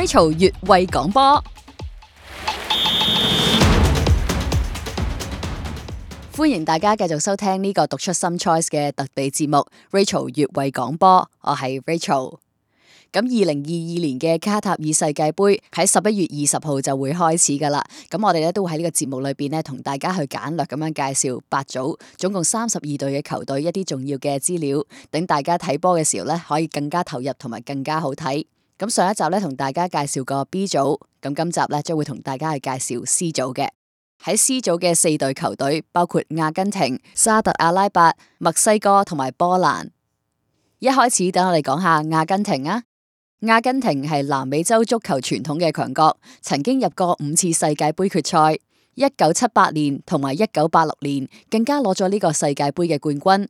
Rachel 越位講波，歡迎大家繼續收聽呢個讀出 Some Choice 嘅特備節目 Rachel 越位講波，我係 Rachel。咁二零二二年嘅卡塔爾世界盃喺十一月二十號就會開始㗎喇。咁我哋呢都會喺呢個節目裏邊呢同大家去簡略咁樣介紹八組總共三十二隊嘅球隊一啲重要嘅資料，等大家睇波嘅時候呢可以更加投入同埋更加好睇。咁上一集咧同大家介紹過 B 組，咁今集咧將會同大家去介紹 C 組嘅。喺 C 組嘅四隊球隊包括阿根廷、沙特阿拉伯、墨西哥同埋波蘭。一開始等我哋講下阿根廷啊！阿根廷係南美洲足球傳統嘅強國，曾經入過五次世界杯決賽，一九七八年同埋一九八六年，更加攞咗呢個世界杯嘅冠軍。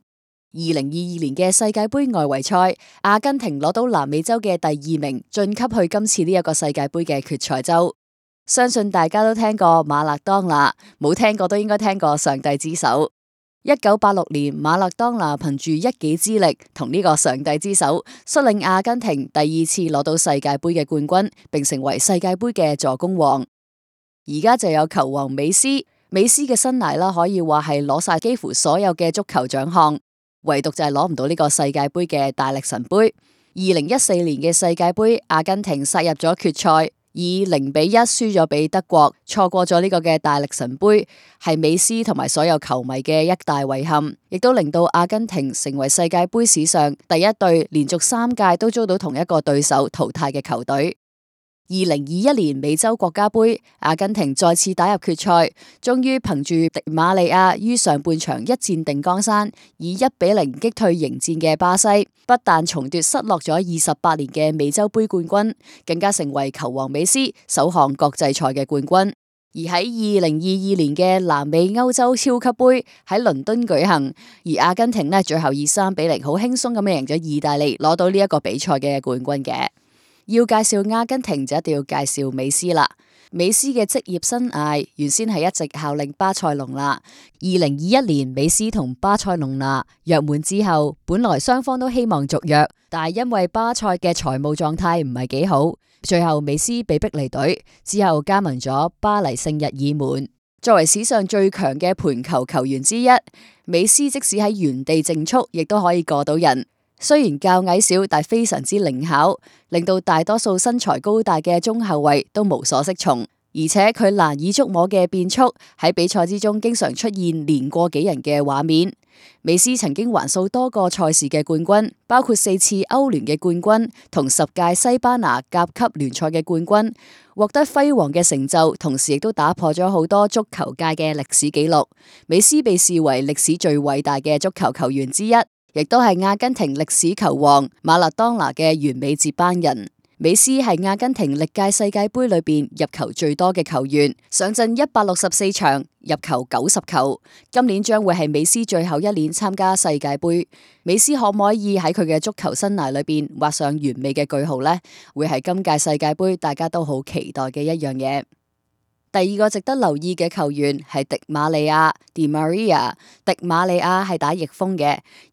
二零二二年嘅世界盃外圍賽，阿根廷攞到南美洲嘅第二名，晉級去今次呢一個世界盃嘅決賽周。相信大家都聽過馬勒當拿，冇聽過都應該聽過上帝之手。一九八六年，馬勒當拿憑住一己之力同呢個上帝之手，率領阿根廷第二次攞到世界盃嘅冠軍，並成為世界盃嘅助攻王。而家就有球王美斯，美斯嘅生涯啦，可以話係攞晒幾乎所有嘅足球獎項。唯獨就係攞唔到呢個世界杯嘅大力神杯。二零一四年嘅世界杯，阿根廷殺入咗決賽，以零比一輸咗俾德國，錯過咗呢個嘅大力神杯，係美斯同埋所有球迷嘅一大遺憾，亦都令到阿根廷成為世界杯史上第一隊連續三屆都遭到同一個對手淘汰嘅球隊。二零二一年美洲國家杯，阿根廷再次打入決賽，終於憑住迪馬利亞於上半場一戰定江山，以一比零擊退迎戰嘅巴西，不但重奪失落咗二十八年嘅美洲杯冠軍，更加成為球王美斯首項國際賽嘅冠軍。而喺二零二二年嘅南美歐洲超級杯喺倫敦舉行，而阿根廷呢最後以三比零好輕鬆咁贏咗意大利，攞到呢一個比賽嘅冠軍嘅。要介紹阿根廷就一定要介紹美斯啦。美斯嘅職業生涯原先係一直效力巴塞隆拿。二零二一年美斯同巴塞隆拿約滿之後，本來雙方都希望續約，但係因為巴塞嘅財務狀態唔係幾好，最後美斯被迫離隊，之後加盟咗巴黎聖日耳門。作為史上最強嘅盤球球員之一，美斯即使喺原地靜速，亦都可以過到人。雖然較矮小，但非常之靈巧，令到大多數身材高大嘅中後衛都無所適從。而且佢難以捉摸嘅變速喺比賽之中，經常出現連過幾人嘅畫面。美斯曾經橫掃多個賽事嘅冠軍，包括四次歐聯嘅冠軍同十屆西班牙甲級聯賽嘅冠軍，獲得輝煌嘅成就，同時亦都打破咗好多足球界嘅歷史紀錄。美斯被視為歷史最偉大嘅足球球員之一。亦都係阿根廷歷史球王馬勒當拿嘅完美接班人。美斯係阿根廷歷屆世界盃裏邊入球最多嘅球員，上陣一百六十四場，入球九十球。今年將會係美斯最後一年參加世界盃。美斯可唔可以喺佢嘅足球生涯裏邊畫上完美嘅句號呢？會係今屆世界盃大家都好期待嘅一樣嘢。第二個值得留意嘅球員係迪馬利亞 d Maria）。迪馬利亞係打逆鋒嘅，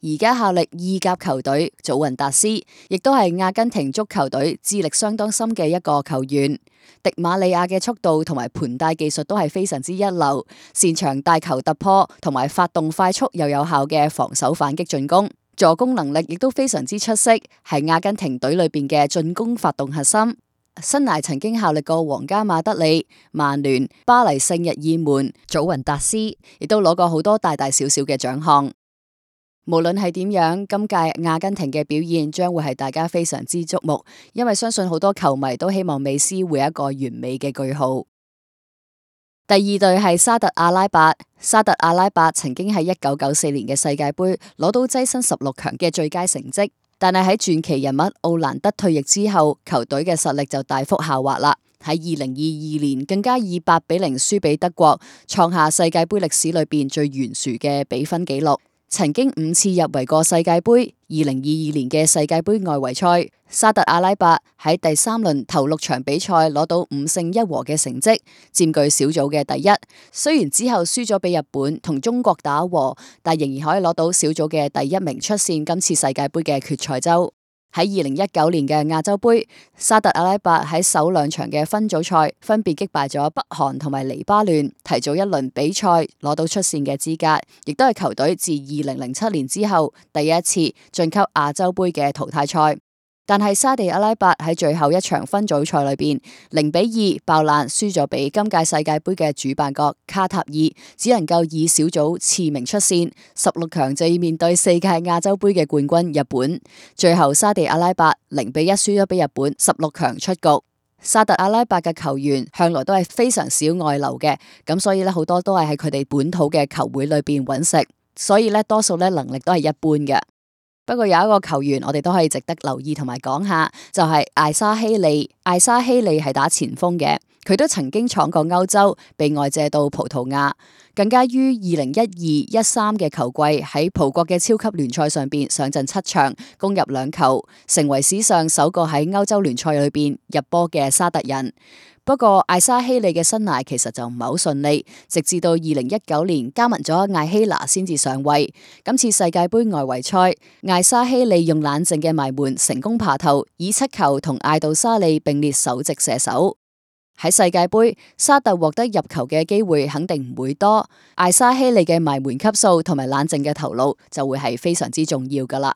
而家效力意甲球隊祖雲達斯，亦都係阿根廷足球隊資歷相當深嘅一個球員。迪馬利亞嘅速度同埋盤帶技術都係非常之一流，擅長帶球突破同埋發動快速又有效嘅防守反擊進攻，助攻能力亦都非常之出色，係阿根廷隊裏邊嘅進攻發動核心。新涯曾經效力過皇家馬德里、曼聯、巴黎聖日耳門、祖雲達斯，亦都攞過好多大大小小嘅獎項。無論係點樣，今屆阿根廷嘅表現將會係大家非常之矚目，因為相信好多球迷都希望美斯會一個完美嘅句號。第二隊係沙特阿拉伯，沙特阿拉伯曾經喺一九九四年嘅世界杯攞到躋身十六強嘅最佳成績。但係喺傳奇人物奧蘭德退役之後，球隊嘅實力就大幅下滑啦。喺二零二二年，更加以八比零輸俾德國，創下世界盃歷史裏邊最懸殊嘅比分紀錄。曾經五次入圍過世界盃，二零二二年嘅世界盃外圍賽，沙特阿拉伯喺第三輪頭六場比賽攞到五勝一和嘅成績，佔據小組嘅第一。雖然之後輸咗俾日本同中國打和，但仍然可以攞到小組嘅第一名，出線今次世界盃嘅決賽周。喺二零一九年嘅亞洲盃，沙特阿拉伯喺首兩場嘅分組賽分別擊敗咗北韓同埋黎巴嫩，提早一輪比賽攞到出線嘅資格，亦都係球隊自二零零七年之後第一次晉級亞洲盃嘅淘汰賽。但係沙地阿拉伯喺最後一場分組賽裏邊，零比二爆冷輸咗俾今屆世界盃嘅主辦國卡塔爾，只能夠以小組次名出線，十六強就要面對四屆亞洲盃嘅冠軍日本。最後沙地阿拉伯零比一輸咗俾日本，十六強出局。沙特阿拉伯嘅球員向來都係非常少外流嘅，咁所以呢，好多都係喺佢哋本土嘅球會裏邊揾食，所以呢，多數呢，能力都係一般嘅。不過有一個球員，我哋都可以值得留意同埋講下，就係艾莎希利。艾莎希利係打前鋒嘅，佢都曾經闖過歐洲，被外借到葡萄牙，更加於二零一二一三嘅球季喺葡國嘅超級聯賽上邊上陣七場，攻入兩球，成為史上首個喺歐洲聯賽裏邊入波嘅沙特人。不過艾莎希利嘅生涯其實就唔係好順利，直至到二零一九年加盟咗艾希娜先至上位。今次世界盃外圍賽，艾莎希利用冷靜嘅埋門成功爬頭，以七球同艾杜沙利並列首席射手。喺世界盃，沙特獲得入球嘅機會肯定唔會多，艾莎希利嘅埋門級數同埋冷靜嘅頭腦就會係非常之重要㗎喇。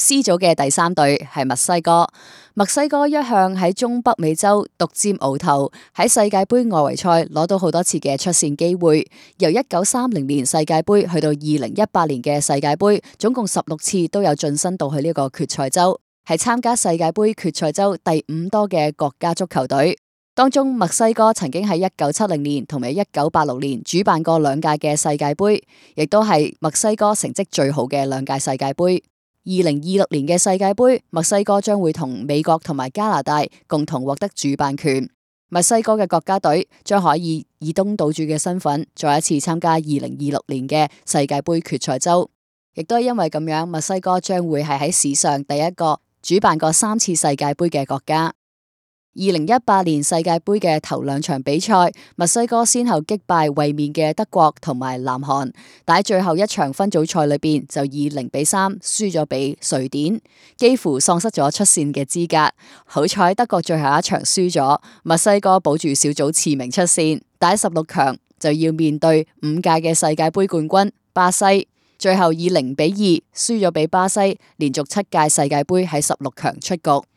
C 組嘅第三隊係墨西哥。墨西哥一向喺中北美洲獨佔鰲頭，喺世界盃外圍賽攞到好多次嘅出線機會。由一九三零年世界盃去到二零一八年嘅世界盃，總共十六次都有進身到去呢個決賽周，係參加世界盃決賽周第五多嘅國家足球隊。當中，墨西哥曾經喺一九七零年同埋一九八六年主辦過兩屆嘅世界盃，亦都係墨西哥成績最好嘅兩屆世界盃。二零二六年嘅世界盃，墨西哥將會同美國同埋加拿大共同獲得主辦權。墨西哥嘅國家隊將可以以東道主嘅身份再一次參加二零二六年嘅世界盃決賽周。亦都係因為咁樣，墨西哥將會係喺史上第一個主辦過三次世界盃嘅國家。二零一八年世界盃嘅頭兩場比賽，墨西哥先後擊敗衛冕嘅德國同埋南韓，但係最後一場分組賽裏邊就以零比三輸咗畀瑞典，幾乎喪失咗出線嘅資格。好彩德國最後一場輸咗，墨西哥保住小組次名出線，但喺十六強就要面對五屆嘅世界盃冠軍巴西，最後以零比二輸咗俾巴西，連續七屆世界盃喺十六強出局。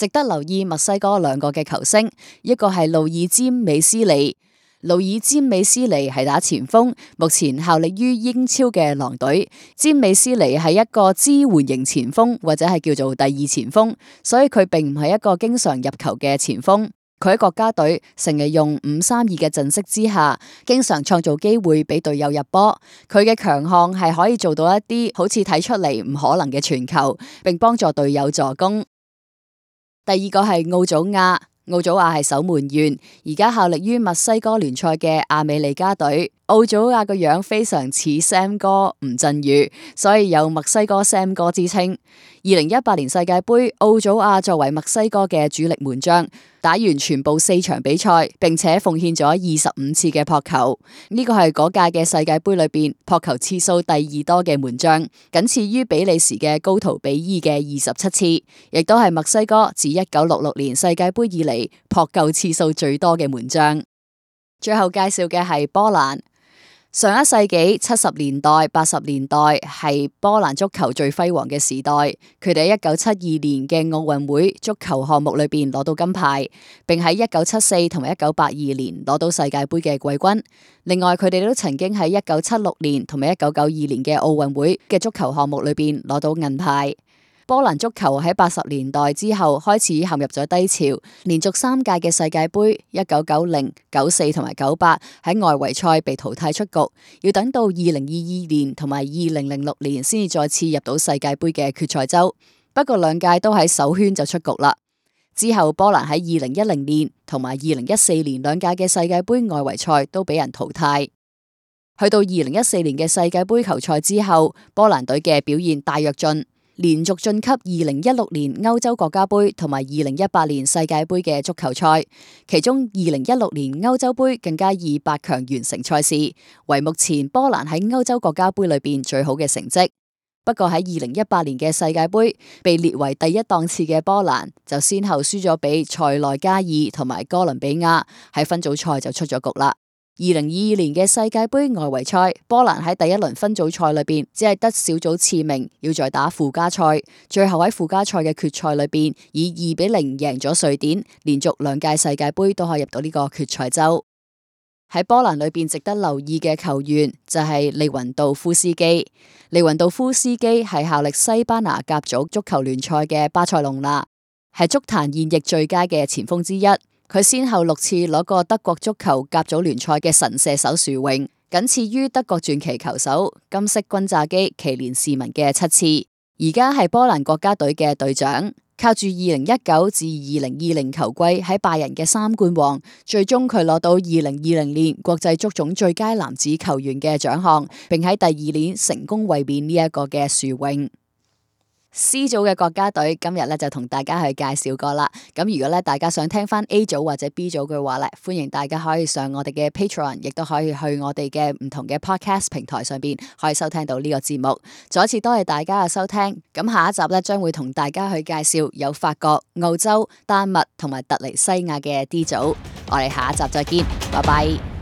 值得留意墨西哥兩個嘅球星，一個係路易詹美斯利。路易詹美斯利係打前鋒，目前效力於英超嘅狼隊。詹美斯利係一個支援型前鋒，或者係叫做第二前鋒，所以佢並唔係一個經常入球嘅前鋒。佢喺國家隊成日用五三二嘅陣式之下，經常創造機會俾隊友入波。佢嘅強項係可以做到一啲好似睇出嚟唔可能嘅傳球，並幫助隊友助攻。第二個係奧祖亞，奧祖亞係守門員，而家效力於墨西哥聯賽嘅阿美利加隊。奧祖亞個樣非常似 Sam 哥吳鎮宇，所以有墨西哥 Sam 哥之稱。二零一八年世界盃，奧祖亞作為墨西哥嘅主力門將。打完全部四場比賽，並且奉獻咗二十五次嘅撲球，呢個係嗰屆嘅世界杯裏邊撲球次數第二多嘅門將，僅次於比利時嘅高圖比爾嘅二十七次，亦都係墨西哥自一九六六年世界杯以嚟撲救次數最多嘅門將。最後介紹嘅係波蘭。上一世紀七十年代、八十年代係波蘭足球最輝煌嘅時代。佢哋喺一九七二年嘅奧運會足球項目裏邊攞到金牌，並喺一九七四同埋一九八二年攞到世界杯嘅季軍。另外，佢哋都曾經喺一九七六年同埋一九九二年嘅奧運會嘅足球項目裏邊攞到銀牌。波蘭足球喺八十年代之後開始陷入咗低潮，連續三屆嘅世界杯一九九零、九四同埋九八喺外圍賽被淘汰出局，要等到二零零二年同埋二零零六年先至再次入到世界杯嘅決賽周。不過兩屆都喺首圈就出局啦。之後波蘭喺二零一零年同埋二零一四年兩屆嘅世界杯外圍賽都俾人淘汰。去到二零一四年嘅世界杯球賽之後，波蘭隊嘅表現大躍進。連續晉級二零一六年歐洲國家盃同埋二零一八年世界盃嘅足球賽，其中二零一六年歐洲盃更加以八強完成賽事，為目前波蘭喺歐洲國家盃裏邊最好嘅成績。不過喺二零一八年嘅世界盃，被列為第一檔次嘅波蘭就先後輸咗俾塞內加爾同埋哥倫比亞，喺分組賽就出咗局啦。二零二二年嘅世界杯外圍賽，波蘭喺第一輪分組賽裏邊只係得小組次名，要再打附加賽。最後喺附加賽嘅決賽裏邊，以二比零贏咗瑞典，連續兩屆世界杯都可以入到呢個決賽周。喺波蘭裏邊，值得留意嘅球員就係利雲道夫斯基。利云道夫斯基係效力西班牙甲組足球聯賽嘅巴塞隆拿，係足壇現役最佳嘅前鋒之一。佢先後六次攞過德國足球甲組聯賽嘅神射手殊榮，僅次於德國傳奇球手金色轟炸機奇連斯文嘅七次。而家係波蘭國家隊嘅隊長，靠住二零一九至二零二零球季喺拜仁嘅三冠王，最終佢攞到二零二零年國際足總最佳男子球員嘅獎項，並喺第二年成功衛冕呢一個嘅殊榮。C 組嘅國家隊今日咧就同大家去介紹過啦。咁如果咧大家想聽翻 A 組或者 B 組嘅話咧，歡迎大家可以上我哋嘅 Patreon，亦都可以去我哋嘅唔同嘅 Podcast 平台上邊可以收聽到呢個節目。再一次多謝大家嘅收聽。咁下一集咧將會同大家去介紹有法國、澳洲、丹麥同埋特尼西亞嘅 D 組。我哋下一集再見，拜拜。